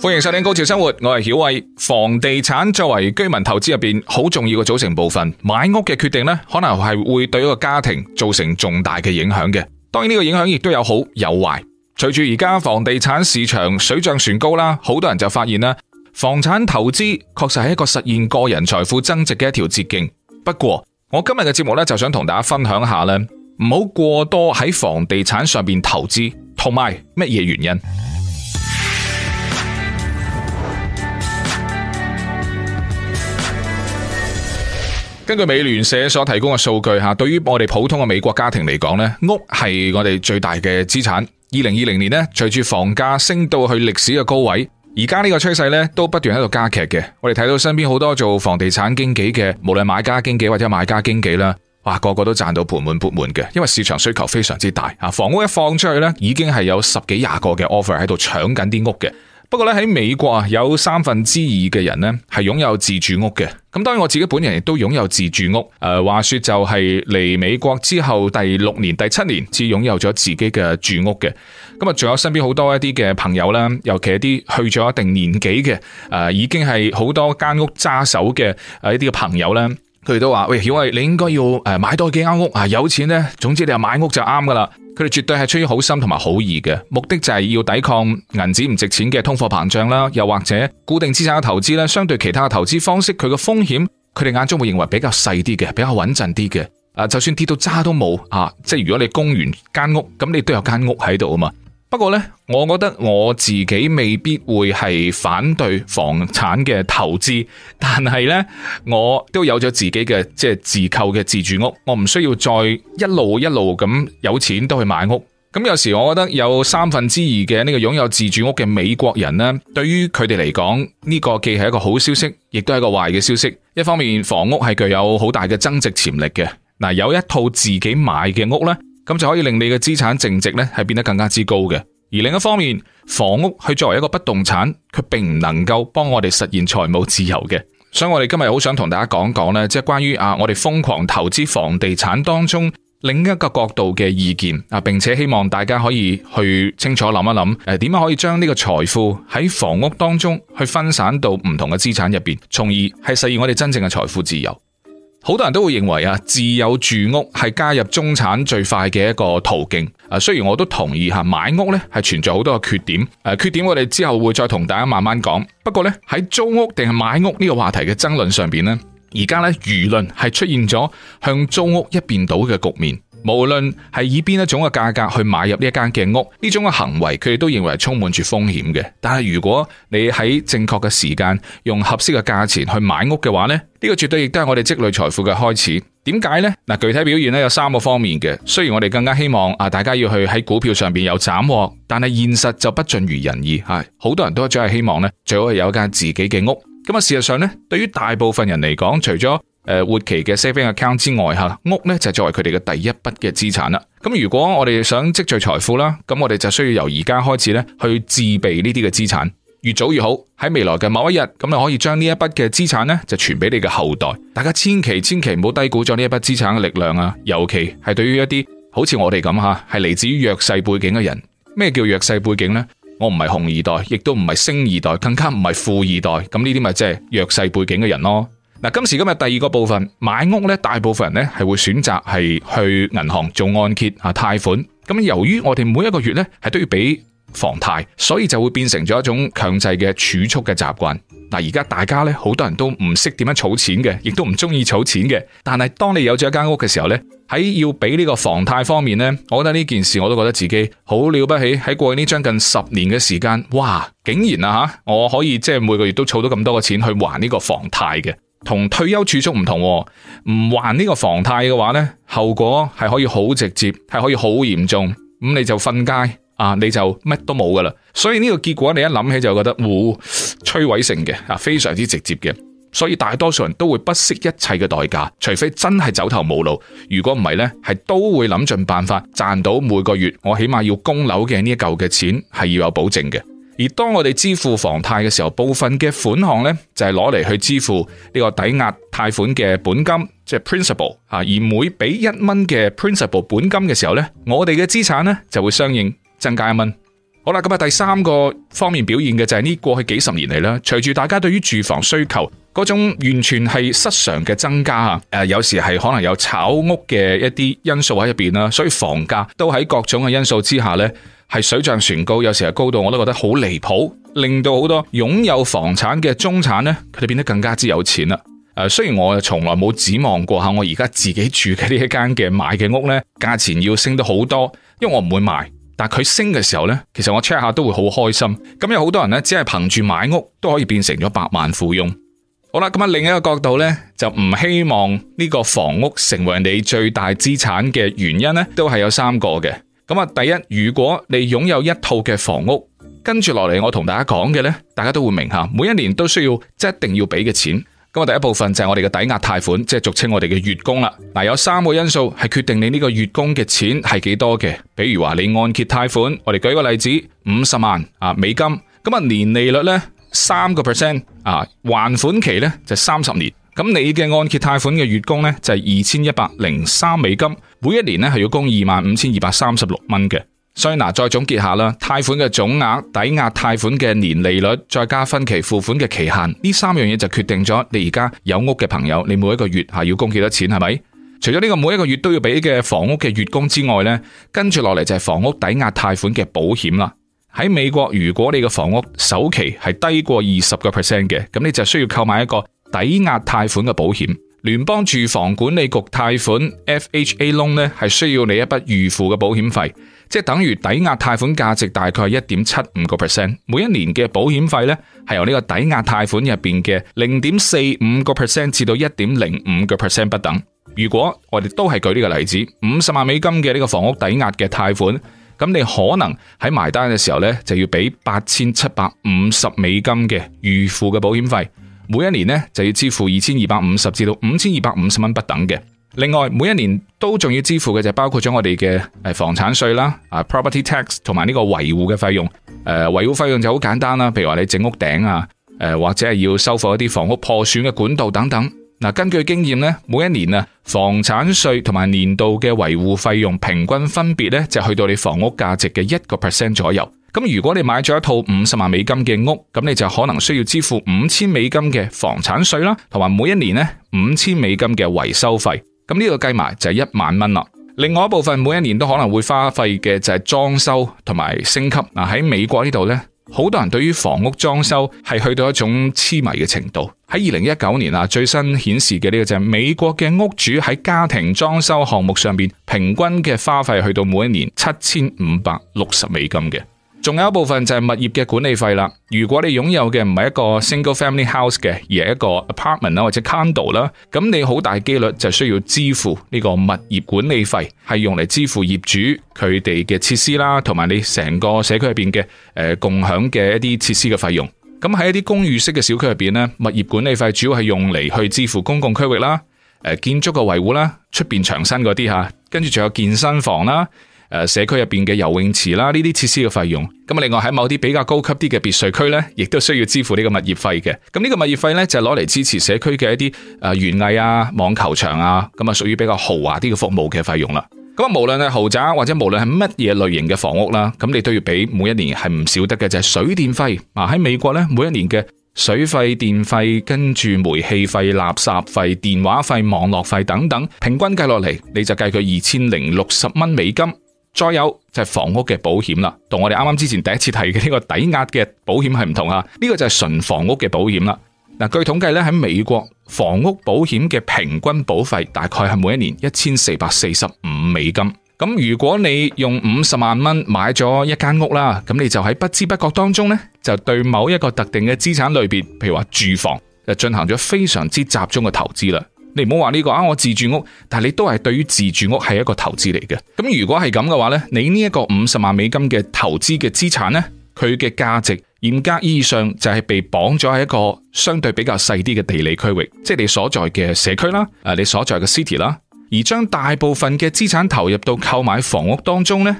歡迎收聽高潮生活，我係曉慧。房地產作為居民投資入邊好重要嘅組成部分，買屋嘅決定咧，可能係會對一個家庭造成重大嘅影響嘅。當然呢個影響亦都有好有壞。隨住而家房地產市場水漲船高啦，好多人就發現啦，房產投資確實係一個實現個人財富增值嘅一條捷徑。不過我今日嘅節目呢，就想同大家分享下咧，唔好過多喺房地產上面投資，同埋乜嘢原因？根據美聯社所提供嘅數據吓，對於我哋普通嘅美國家庭嚟講咧，屋係我哋最大嘅資產。二零二零年咧，隨住房價升到去歷史嘅高位，而家呢個趨勢咧都不斷喺度加劇嘅。我哋睇到身邊好多做房地產經紀嘅，無論買家經紀或者買家經紀啦，哇，個個都賺到盆滿缽滿嘅，因為市場需求非常之大啊！房屋一放出去咧，已經係有十幾廿個嘅 offer 喺度搶緊啲屋嘅。不過咧喺美國啊，有三分之二嘅人咧係擁有自住屋嘅。咁當然我自己本人亦都擁有自住屋。誒，話說就係嚟美國之後第六年、第七年至擁有咗自己嘅住屋嘅。咁啊，仲有身邊好多一啲嘅朋友啦，尤其一啲去咗一定年紀嘅，誒，已經係好多間屋揸手嘅一啲嘅朋友咧，佢哋都話：喂，曉慧，你應該要誒買多幾間屋啊，有錢呢，總之你話買屋就啱噶啦。佢哋絕對係出於好心同埋好意嘅，目的就係要抵抗銀紙唔值錢嘅通貨膨脹啦，又或者固定資產嘅投資咧，相對其他嘅投資方式，佢嘅風險，佢哋眼中會認為比較細啲嘅，比較穩陣啲嘅。啊，就算跌到渣都冇啊，即係如果你供完間、那個、屋，咁你都有間屋喺度啊嘛。不過呢，我覺得我自己未必會係反對房產嘅投資，但係呢，我都有咗自己嘅，即係自購嘅自住屋，我唔需要再一路一路咁有錢都去買屋。咁有時我覺得有三分之二嘅呢個擁有自住屋嘅美國人呢，對於佢哋嚟講，呢個既係一個好消息，亦都係一個壞嘅消息。一方面，房屋係具有好大嘅增值潛力嘅。嗱，有一套自己買嘅屋呢。咁就可以令你嘅資產淨值咧係變得更加之高嘅。而另一方面，房屋佢作為一個不動產，佢並唔能夠幫我哋實現財務自由嘅。所以我哋今日好想同大家講講咧，即係關於啊我哋瘋狂投資房地產當中另一個角度嘅意見啊，並且希望大家可以去清楚諗一諗，誒點樣可以將呢個財富喺房屋當中去分散到唔同嘅資產入邊，從而係實現我哋真正嘅財富自由。好多人都會認為啊，自有住屋係加入中產最快嘅一個途徑。啊，雖然我都同意吓，買屋咧，係存在好多嘅缺點。誒，缺點我哋之後會再同大家慢慢講。不過咧，喺租屋定係買屋呢個話題嘅爭論上邊咧，而家咧輿論係出現咗向租屋一邊倒嘅局面。無論係以邊一種嘅價格去買入呢一間嘅屋，呢種嘅行為佢哋都認為係充滿住風險嘅。但係如果你喺正確嘅時間，用合適嘅價錢去買屋嘅話咧，呢個絕對亦都係我哋積累財富嘅開始。點解咧？嗱，具體表現咧有三個方面嘅。雖然我哋更加希望啊，大家要去喺股票上面有斬獲，但係現實就不盡如人意，係好多人都只係希望咧最好係有一間自己嘅屋。咁啊，事實上呢，對於大部分人嚟講，除咗誒，活期嘅 saving account 之外吓，屋咧就作為佢哋嘅第一筆嘅資產啦。咁如果我哋想積聚財富啦，咁我哋就需要由而家開始咧去自備呢啲嘅資產，越早越好。喺未來嘅某一日，咁你可以將呢一筆嘅資產咧就傳俾你嘅後代。大家千祈千祈唔好低估咗呢一筆資產嘅力量啊！尤其係對於一啲好似我哋咁吓，係嚟自於弱勢背景嘅人。咩叫弱勢背景咧？我唔係紅二代，亦都唔係星二代，更加唔係富二代。咁呢啲咪即係弱勢背景嘅人咯。嗱，今時今日第二個部分買屋咧，大部分人咧係會選擇係去銀行做按揭啊貸款。咁由於我哋每一個月咧係都要俾房貸，所以就會變成咗一種強制嘅儲蓄嘅習慣。嗱，而家大家咧好多人都唔識點樣儲錢嘅，亦都唔中意儲錢嘅。但係當你有咗一間屋嘅時候咧，喺要俾呢個房貸方面咧，我覺得呢件事我都覺得自己好了不起。喺過去呢將近十年嘅時間，哇！竟然啊嚇，我可以即係每個月都儲到咁多嘅錢去還呢個房貸嘅。同退休儲蓄唔同。哦，唔還呢個房貸嘅話呢，後果係可以好直接，係可以好嚴重。咁你就瞓街啊，你就乜都冇噶啦。所以呢個結果你一諗起就覺得，嘩，摧毀性嘅啊，非常之直接嘅。所以大多數人都會不惜一切嘅代價，除非真係走投無路。如果唔係呢，係都會諗盡辦法賺到每個月我起碼要供樓嘅呢一嚿嘅錢，係要有保證嘅。而當我哋支付房貸嘅時候，部分嘅款項呢就係攞嚟去支付呢個抵押貸款嘅本金，即係 principal 啊。而每俾一蚊嘅 principal 本金嘅時候呢，我哋嘅資產呢就會相應增加一蚊。好啦，咁啊第三個方面表現嘅就係呢，過去幾十年嚟啦，隨住大家對於住房需求，嗰種完全係失常嘅增加啊！誒，有時係可能有炒屋嘅一啲因素喺入邊啦，所以房價都喺各種嘅因素之下咧，係水漲船高。有時係高到我都覺得好離譜，令到好多擁有房產嘅中產咧，佢哋變得更加之有錢啦。誒，雖然我從來冇指望過吓，我而家自己住嘅呢一間嘅買嘅屋咧，價錢要升得好多，因為我唔會賣。但佢升嘅時候咧，其實我 check 下都會好開心。咁有好多人咧，只係憑住買屋都可以變成咗百萬富翁。好啦，咁啊，另一個角度呢，就唔希望呢個房屋成為你最大資產嘅原因呢，都係有三個嘅。咁啊，第一，如果你擁有一套嘅房屋，跟住落嚟我同大家講嘅呢，大家都會明下，每一年都需要一定要俾嘅錢。咁啊，第一部分就係我哋嘅抵押貸款，即係俗稱我哋嘅月供啦。嗱，有三個因素係決定你呢個月供嘅錢係幾多嘅，比如話你按揭貸款，我哋舉個例子，五十萬啊美金，咁啊年利率，率呢。三個 percent 啊，還款期咧就三十年，咁你嘅按揭貸款嘅月供咧就係二千一百零三美金，每一年咧係要供二萬五千二百三十六蚊嘅。所以嗱，再總結下啦，貸款嘅總額、抵押貸款嘅年利率、再加分期付款嘅期限，呢三樣嘢就決定咗你而家有屋嘅朋友，你每一個月係要供幾多錢係咪？除咗呢個每一個月都要俾嘅房屋嘅月供之外咧，跟住落嚟就係房屋抵押貸款嘅保險啦。喺美國，如果你嘅房屋首期係低過二十個 percent 嘅，咁你就需要購買一個抵押貸款嘅保險。聯邦住房管理局貸款 （FHA l o 咧係需要你一筆預付嘅保險費，即係等於抵押貸款價值大概一點七五個 percent。每一年嘅保險費咧係由呢個抵押貸款入邊嘅零點四五個 percent 至到一點零五個 percent 不等。如果我哋都係舉呢個例子，五十萬美金嘅呢個房屋抵押嘅貸款。咁你可能喺埋單嘅時候呢，就要俾八千七百五十美金嘅預付嘅保險費，每一年呢，就要支付二千二百五十至到五千二百五十蚊不等嘅。另外每一年都仲要支付嘅就包括咗我哋嘅誒房產稅啦，啊 Property Tax 同埋呢個維護嘅費用。誒、呃、維護費用就好簡單啦，譬如話你整屋頂啊，誒、呃、或者係要修復一啲房屋破損嘅管道等等。嗱，根據經驗咧，每一年啊，房產稅同埋年度嘅維護費用平均分別咧，就去到你房屋價值嘅一個 percent 左右。咁如果你買咗一套五十萬美金嘅屋，咁你就可能需要支付五千美金嘅房產稅啦，同埋每一年咧五千美金嘅維修費。咁、這、呢個計埋就係一萬蚊啦。另外一部分每一年都可能會花費嘅就係裝修同埋升級。嗱，喺美國呢度咧。好多人對於房屋裝修係去到一種痴迷嘅程度，喺二零一九年啊，最新顯示嘅呢個就係美國嘅屋主喺家庭裝修項目上面平均嘅花費，去到每一年七千五百六十美金嘅。仲有一部分就係物業嘅管理費啦。如果你擁有嘅唔係一個 single family house 嘅，而係一個 apartment 啦或者 condo 啦，咁你好大機率就需要支付呢個物業管理費，係用嚟支付業主佢哋嘅設施啦，同埋你成個社區入邊嘅誒共享嘅一啲設施嘅費用。咁喺一啲公寓式嘅小區入邊呢，物業管理費主要係用嚟去支付公共區域啦、誒、呃、建築嘅維護啦、出邊牆身嗰啲吓，跟住仲有健身房啦。誒，社區入邊嘅游泳池啦，呢啲設施嘅費用。咁另外，喺某啲比較高級啲嘅別墅區呢，亦都需要支付呢個物業費嘅。咁呢個物業費呢，就係攞嚟支持社區嘅一啲誒園藝啊、網球場啊，咁啊屬於比較豪華啲嘅服務嘅費用啦。咁啊，無論係豪宅或者無論係乜嘢類型嘅房屋啦，咁你都要俾每一年係唔少得嘅，就係水電費啊。喺美國呢，每一年嘅水費、電費跟住煤氣費、垃圾費、電話費、網絡費等等，平均計落嚟你就計佢二千零六十蚊美金。再有就係、是、房屋嘅保險啦，同我哋啱啱之前第一次提嘅呢個抵押嘅保險係唔同啊，呢、這個就係純房屋嘅保險啦。嗱，據統計咧喺美國，房屋保險嘅平均保費大概係每一年一千四百四十五美金。咁如果你用五十萬蚊買咗一間屋啦，咁你就喺不知不覺當中呢，就對某一個特定嘅資產類別，譬如話住房，就進行咗非常之集中嘅投資啦。你唔好話呢個啊，我自住屋，但你都係對於自住屋係一個投資嚟嘅。咁如果係咁嘅話呢，你呢一個五十萬美金嘅投資嘅資產呢，佢嘅價值嚴格意義上就係、是、被綁咗喺一個相對比較細啲嘅地理區域，即係你所在嘅社區啦，誒，你所在嘅 city 啦，而將大部分嘅資產投入到購買房屋當中呢。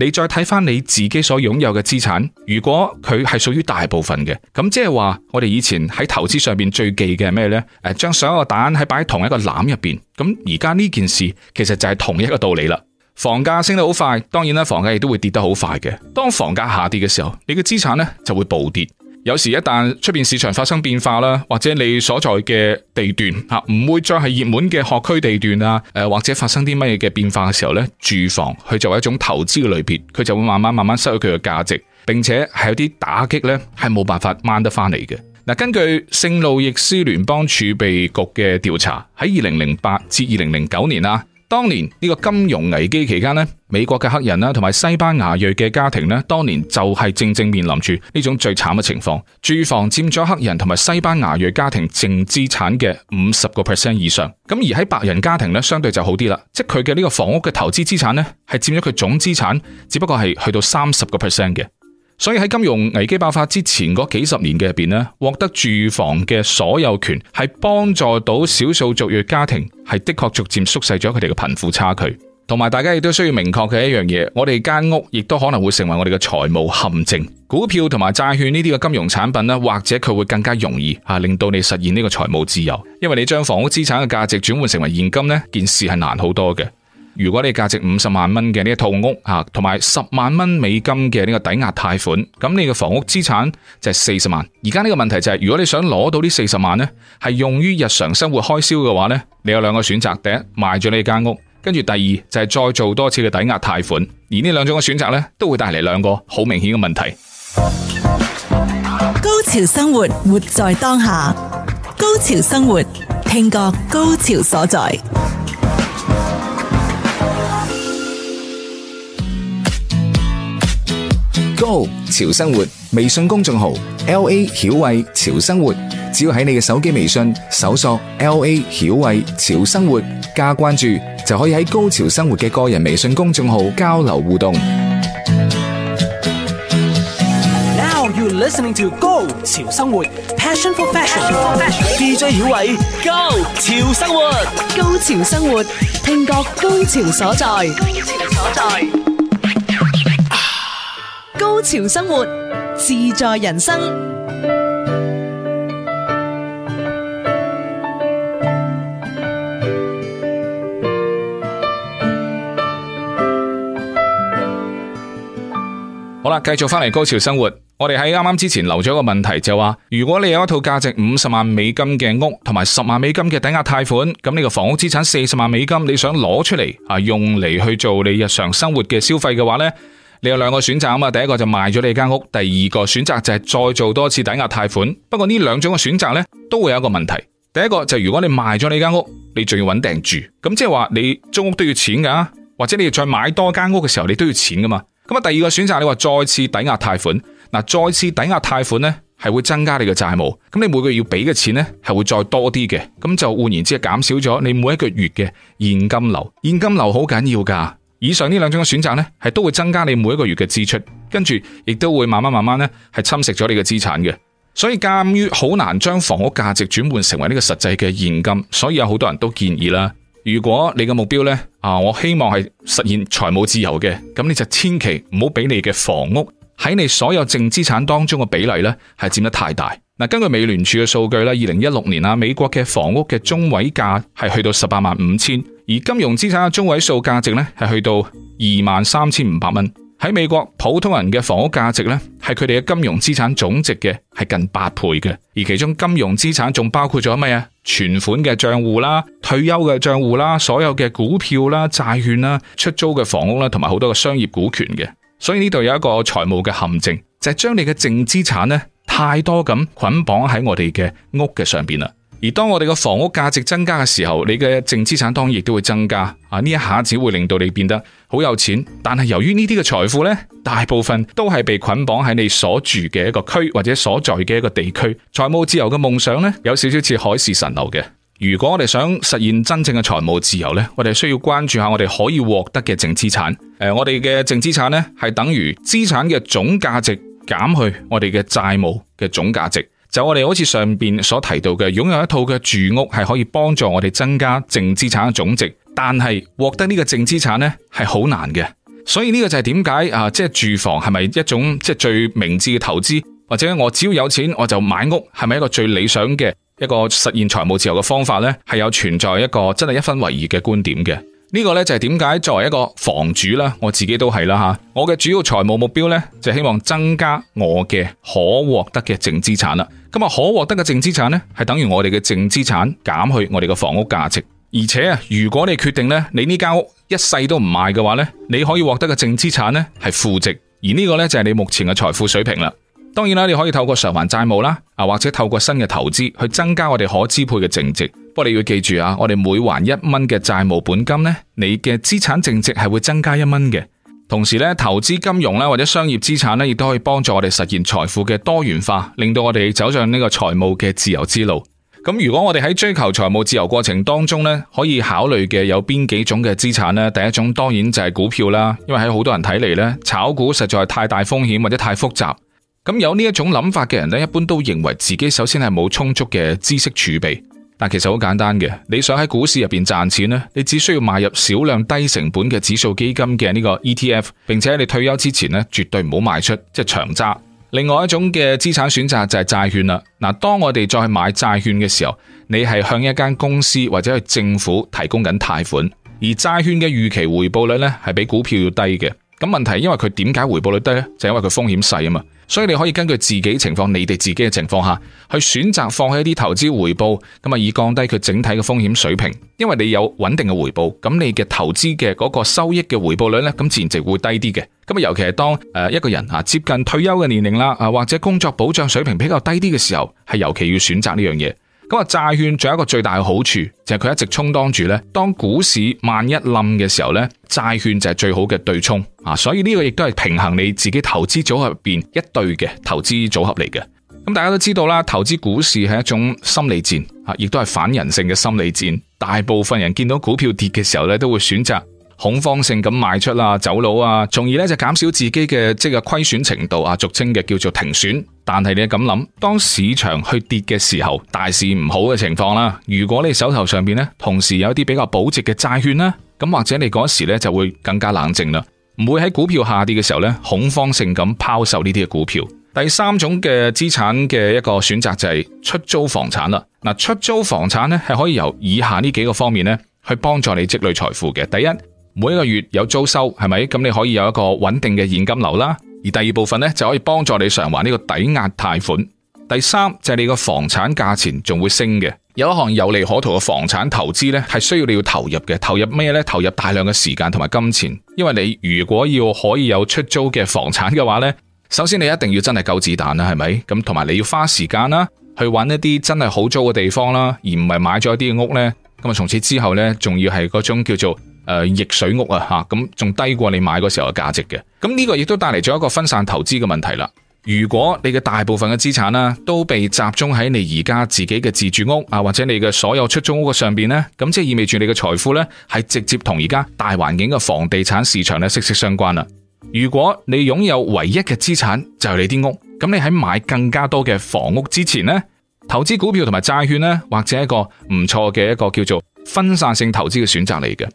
你再睇返你自己所擁有嘅資產，如果佢係屬於大部分嘅，咁即係話我哋以前喺投資上面最忌嘅係咩呢？誒，將所有個蛋喺擺喺同一個籃入面，咁而家呢件事其實就係同一個道理啦。房價升得好快，當然房價亦都會跌得好快嘅。當房價下跌嘅時候，你嘅資產呢就會暴跌。有時一旦出邊市場發生變化啦，或者你所在嘅地段吓唔會再係熱門嘅學區地段啊，誒或者發生啲乜嘢嘅變化嘅時候呢，住房佢作為一種投資嘅類別，佢就會慢慢慢慢失去佢嘅價值，並且係有啲打擊呢係冇辦法掹得翻嚟嘅。根據聖路易斯聯邦儲備局嘅調查，喺二零零八至二零零九年啊。當年呢個金融危機期間咧，美國嘅黑人啦同埋西班牙裔嘅家庭咧，當年就係正正面臨住呢種最慘嘅情況，住房占咗黑人同埋西班牙裔家庭淨資產嘅五十個 percent 以上。咁而喺白人家庭呢，相對就好啲啦，即佢嘅呢個房屋嘅投資資產呢，係佔咗佢總資產，只不過係去到三十個 percent 嘅。所以喺金融危機爆發之前嗰幾十年嘅入邊咧，獲得住房嘅所有權係幫助到少數族裔家庭，係的確逐漸縮細咗佢哋嘅貧富差距。同埋，大家亦都需要明確嘅一樣嘢，我哋間屋亦都可能會成為我哋嘅財務陷阱。股票同埋債券呢啲嘅金融產品咧，或者佢會更加容易啊令到你實現呢個財務自由，因為你將房屋資產嘅價值轉換成為現金咧，件事係難好多嘅。如果你價值五十萬蚊嘅呢一套屋，吓同埋十萬蚊美金嘅呢個抵押貸款，咁你嘅房屋資產就係四十萬。而家呢個問題就係，如果你想攞到呢四十萬呢，係用於日常生活開銷嘅話呢，你有兩個選擇：第一，賣咗呢間屋；跟住第二，就係再做多次嘅抵押貸款。而呢兩種嘅選擇呢，都會帶嚟兩個好明顯嘅問題。高潮生活，活在當下。高潮生活，聽覺高潮所在。潮生活微信公眾號 L A 曉慧潮生活，只要喺你嘅手機微信蒐索 L A 曉慧潮生活加關注，就可以喺高潮生活嘅個人微信公眾號交流互動。Now you're listening to 高潮生活 Passion for Fashion DJ 曉慧，高潮生活，for 高潮生活，聽覺高潮所在，高潮，高潮所在。高潮生活，自在人生。好啦，繼續翻嚟高潮生活。我哋喺啱啱之前留咗個問題，就是，就話如果你有一套價值五十萬美金嘅屋，同埋十萬美金嘅抵押貸款，咁呢個房屋資產四十萬美金，你想攞出嚟啊，用嚟去做你日常生活嘅消費嘅話呢。你有兩個選擇啊嘛，第一個就賣咗你間屋，第二個選擇就係再做多次抵押貸款。不過呢兩種嘅選擇呢，都會有一個問題。第一個就如果你賣咗你間屋，你仲要穩定住，咁即係話你租屋都要錢噶，或者你再買多間屋嘅時候，你都要錢噶嘛。咁啊，第二個選擇你話再次抵押貸款，嗱，再次抵押貸款呢係會增加你嘅債務，咁你每個月要俾嘅錢呢係會再多啲嘅，咁就換言之係減少咗你每一個月嘅現金流，現金流好緊要噶。以上呢兩種嘅選擇呢，係都會增加你每一個月嘅支出，跟住亦都會慢慢慢慢呢，係侵蝕咗你嘅資產嘅。所以鑑於好難將房屋價值轉換成為呢個實際嘅現金，所以有好多人都建議啦，如果你嘅目標呢，啊，我希望係實現財務自由嘅，咁你就千祈唔好俾你嘅房屋喺你所有淨資產當中嘅比例呢，係佔得太大。根據美聯儲嘅數據咧，二零一六年啊，美國嘅房屋嘅中位價係去到十八萬五千，而金融資產嘅中位數價值咧係去到二萬三千五百蚊。喺美國，普通人嘅房屋價值咧係佢哋嘅金融資產總值嘅係近八倍嘅，而其中金融資產仲包括咗咩啊？存款嘅賬戶啦、退休嘅賬戶啦、所有嘅股票啦、債券啦、出租嘅房屋啦，同埋好多嘅商業股權嘅。所以呢度有一個財務嘅陷阱，就係、是、將你嘅淨資產咧。太多咁捆綁喺我哋嘅屋嘅上邊啦，而當我哋嘅房屋價值增加嘅時候，你嘅淨資產當然亦都會增加啊！呢一下子會令到你變得好有錢，但係由於呢啲嘅財富呢，大部分都係被捆綁喺你所住嘅一個區或者所在嘅一個地區，財務自由嘅夢想呢，有少少似海市蜃樓嘅。如果我哋想實現真正嘅財務自由呢，我哋需要關注下我哋可以獲得嘅淨資產。誒，我哋嘅淨資產呢，係等於資產嘅總價值減去我哋嘅債務嘅總價值，就我哋好似上邊所提到嘅，擁有一套嘅住屋係可以幫助我哋增加淨資產嘅總值，但係獲得呢個淨資產呢，係好難嘅，所以呢個就係點解啊，即係住房係咪一種即係最明智嘅投資，或者我只要有錢我就買屋係咪一個最理想嘅一個實現財務自由嘅方法呢？係有存在一個真係一分為二嘅觀點嘅。呢個呢就係點解作為一個房主啦，我自己都係啦吓，我嘅主要財務目標呢，就希望增加我嘅可獲得嘅淨資產啦。咁啊，可獲得嘅淨資產呢，係等於我哋嘅淨資產減去我哋嘅房屋價值。而且啊，如果你決定呢，你呢間屋一世都唔賣嘅話呢，你可以獲得嘅淨資產呢係負值。而呢個呢，就係你目前嘅財富水平啦。當然啦，你可以透過償還債務啦，啊或者透過新嘅投資去增加我哋可支配嘅淨值。不過你要記住啊，我哋每還一蚊嘅債務本金呢，你嘅資產淨值係會增加一蚊嘅。同時呢，投資金融啦，或者商業資產呢，亦都可以幫助我哋實現財富嘅多元化，令到我哋走上呢個財務嘅自由之路。咁如果我哋喺追求財務自由過程當中呢，可以考慮嘅有邊幾種嘅資產呢？第一種當然就係股票啦，因為喺好多人睇嚟呢，炒股實在係太大風險或者太複雜。咁有呢一種諗法嘅人呢，一般都認為自己首先係冇充足嘅知識儲備。但其實好簡單嘅，你想喺股市入邊賺錢呢，你只需要買入少量低成本嘅指數基金嘅呢個 ETF，並且你退休之前咧，絕對唔好賣出，即係長揸。另外一種嘅資產選擇就係債券啦。嗱，當我哋再去買債券嘅時候，你係向一間公司或者係政府提供緊貸款，而債券嘅預期回報率呢係比股票要低嘅。咁問題，因為佢點解回報率低呢？就因為佢風險細啊嘛。所以你可以根據自己情況，你哋自己嘅情況下，去選擇放棄一啲投資回報，咁啊，以降低佢整體嘅風險水平。因為你有穩定嘅回報，咁你嘅投資嘅嗰個收益嘅回報率呢，咁自然就會低啲嘅。咁啊，尤其係當誒一個人啊接近退休嘅年齡啦，啊或者工作保障水平比較低啲嘅時候，係尤其要選擇呢樣嘢。咁啊，債券仲有一個最大嘅好處，就係佢一直充當住咧，當股市萬一冧嘅時候咧，債券就係最好嘅對沖啊！所以呢個亦都係平衡你自己投資組合入邊一對嘅投資組合嚟嘅。咁大家都知道啦，投資股市係一種心理戰啊，亦都係反人性嘅心理戰。大部分人見到股票跌嘅時候咧，都會選擇。恐慌性咁賣出啊，走佬啊，從而咧就減少自己嘅即係嘅虧損程度啊，俗稱嘅叫做停損。但係你咁諗，當市場去跌嘅時候，大市唔好嘅情況啦，如果你手頭上邊呢，同時有一啲比較保值嘅債券啦，咁或者你嗰時呢就會更加冷靜啦，唔會喺股票下跌嘅時候呢恐慌性咁拋售呢啲嘅股票。第三種嘅資產嘅一個選擇就係出租房產啦。嗱，出租房產呢係可以由以下呢幾個方面呢去幫助你積累財富嘅。第一。每一個月有租收，係咪？咁你可以有一個穩定嘅現金流啦。而第二部分呢，就可以幫助你償還呢個抵押貸款。第三，就係你個房產價錢仲會升嘅。有一項有利可圖嘅房產投資呢，係需要你要投入嘅。投入咩呢？投入大量嘅時間同埋金錢。因為你如果要可以有出租嘅房產嘅話呢，首先你一定要真係夠子彈啦，係咪？咁同埋你要花時間啦，去揾一啲真係好租嘅地方啦，而唔係買咗一啲屋呢。咁啊，從此之後呢，仲要係嗰種叫做。誒，逆水屋啊，吓，咁仲低過你買嗰時候嘅價值嘅，咁呢個亦都帶嚟咗一個分散投資嘅問題啦。如果你嘅大部分嘅資產啦，都被集中喺你而家自己嘅自住屋啊，或者你嘅所有出租屋嘅上邊呢，咁即係意味住你嘅財富呢，係直接同而家大環境嘅房地產市場呢息息相關啦。如果你擁有唯一嘅資產就係你啲屋，咁你喺買更加多嘅房屋之前呢，投資股票同埋債券呢，或者一個唔錯嘅一個叫做分散性投資嘅選擇嚟嘅。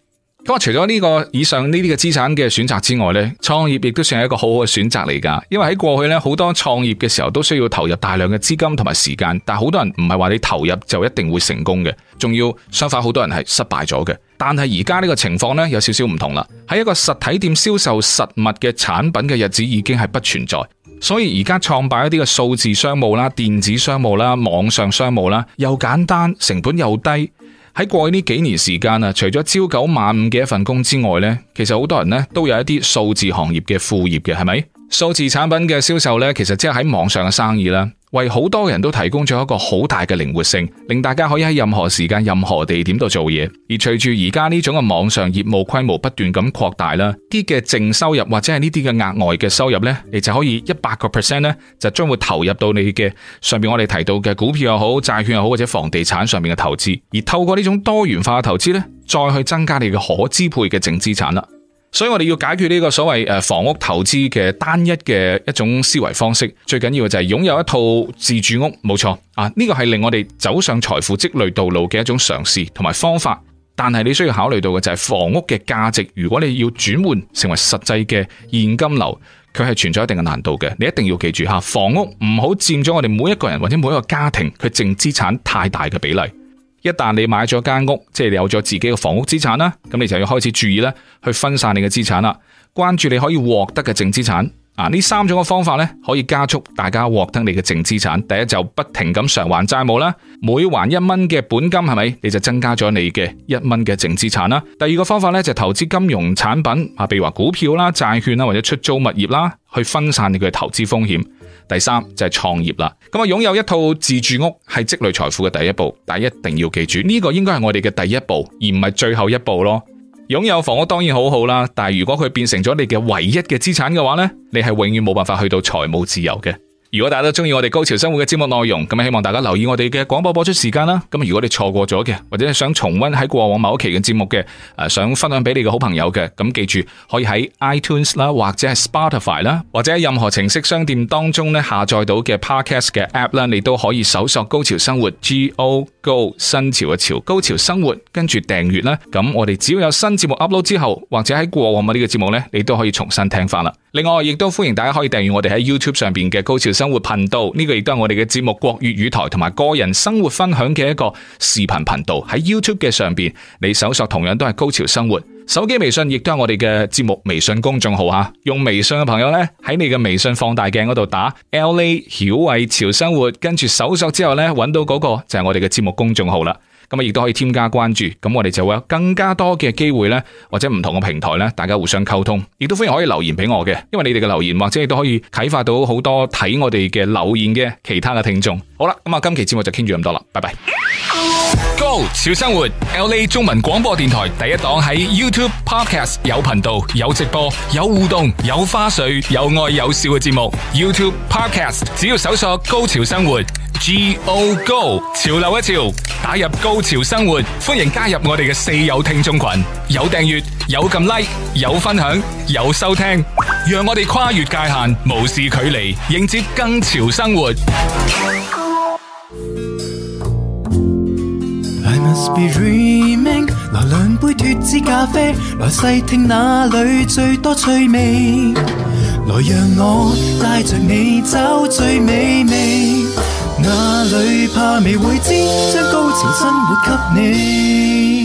不過，除咗呢個以上呢啲嘅資產嘅選擇之外呢，創業亦都算係一個好好嘅選擇嚟噶。因為喺過去呢，好多創業嘅時候都需要投入大量嘅資金同埋時間，但係好多人唔係話你投入就一定會成功嘅，仲要相反，好多人係失敗咗嘅。但係而家呢個情況呢，有少少唔同啦，喺一個實體店銷售實物嘅產品嘅日子已經係不存在，所以而家創辦一啲嘅數字商務啦、電子商務啦、網上商務啦，又簡單，成本又低。喺過去呢幾年時間，除咗朝九晚五嘅一份工之外咧，其實好多人咧都有一啲數字行業嘅副業嘅，係咪？數字產品嘅銷售呢，其實即係喺網上嘅生意啦。為好多人都提供咗一個好大嘅靈活性，令大家可以喺任何時間、任何地點度做嘢。而隨住而家呢種嘅網上業務規模不斷咁擴大啦，啲嘅淨收入或者係呢啲嘅額外嘅收入呢，你就可以一百個 percent 呢，就將會投入到你嘅上邊。我哋提到嘅股票又好，債券又好，或者房地產上面嘅投資，而透過呢種多元化嘅投資呢，再去增加你嘅可支配嘅淨資產啦。所以我哋要解決呢個所謂誒房屋投資嘅單一嘅一種思維方式，最緊要嘅就係擁有一套自住屋，冇錯啊！呢個係令我哋走上財富積累道路嘅一種嘗試同埋方法，但係你需要考慮到嘅就係房屋嘅價值，如果你要轉換成為實際嘅現金流，佢係存在一定嘅難度嘅。你一定要記住吓，房屋唔好佔咗我哋每一個人或者每一個家庭佢淨資產太大嘅比例。一旦你買咗間屋，即係你有咗自己嘅房屋資產啦，咁你就要開始注意咧，去分散你嘅資產啦，關注你可以獲得嘅淨資產。啊，呢三種嘅方法咧，可以加速大家獲得你嘅淨資產。第一就不停咁償還債務啦，每還一蚊嘅本金係咪，你就增加咗你嘅一蚊嘅淨資產啦。第二個方法咧就投資金融產品，啊，譬如話股票啦、債券啦或者出租物業啦，去分散你嘅投資風險。第三就係、是、創業啦，咁啊擁有一套自住屋係積累財富嘅第一步，但一定要記住呢、這個應該係我哋嘅第一步，而唔係最後一步咯。擁有房屋當然很好好啦，但係如果佢變成咗你嘅唯一嘅資產嘅話呢，你係永遠冇辦法去到財務自由嘅。如果大家都中意我哋高潮生活嘅節目內容，咁希望大家留意我哋嘅廣播播出時間啦。咁如果你錯過咗嘅，或者係想重溫喺過往某一期嘅節目嘅，誒，想分享俾你嘅好朋友嘅，咁記住可以喺 iTunes 啦，或者係 Spotify 啦，或者任何程式商店當中咧下載到嘅 Podcast 嘅 App 啦，你都可以搜索高潮生活、Go、Go 新潮嘅潮，高潮生活，跟住訂閱啦。咁我哋只要有新節目 upload 之後，或者喺過往啊呢個節目呢，你都可以重新聽翻啦。另外，亦都歡迎大家可以訂閱我哋喺 YouTube 上邊嘅高潮生活頻道，呢個亦都係我哋嘅節目國粵語台同埋個人生活分享嘅一個視頻頻道。喺 YouTube 嘅上邊，你搜索同樣都係高潮生活。手機微信亦都係我哋嘅節目微信公眾號哈。用微信嘅朋友呢，喺你嘅微信放大鏡嗰度打 LA 曉慧潮生活，跟住搜索之後呢，揾到嗰個就係我哋嘅節目公眾號啦。咁啊，亦都可以添加關注，咁我哋就會有更加多嘅機會呢，或者唔同嘅平台呢，大家互相溝通，亦都歡迎可以留言俾我嘅，因為你哋嘅留言或者亦都可以啟發到好多睇我哋嘅留言嘅其他嘅聽眾。好啦，咁啊，今期節目就傾住咁多啦，拜拜。高潮生活，LA 中文廣播電台第一檔喺 YouTube Podcast 有頻道、有直播、有互動、有花絮、有愛有笑嘅節目。YouTube Podcast 只要搜索《高潮生活》。G O Go，潮流一潮，打入高潮生活，歡迎加入我哋嘅四友聽眾群，有訂閱，有撳 like，有分享，有收聽，讓我哋跨越界限，無視距離，迎接更潮生活。來兩杯脱脂咖啡，來細聽哪裏最多趣味，來讓我帶着你走最美味。哪裏怕未會知，將高潮生活給你。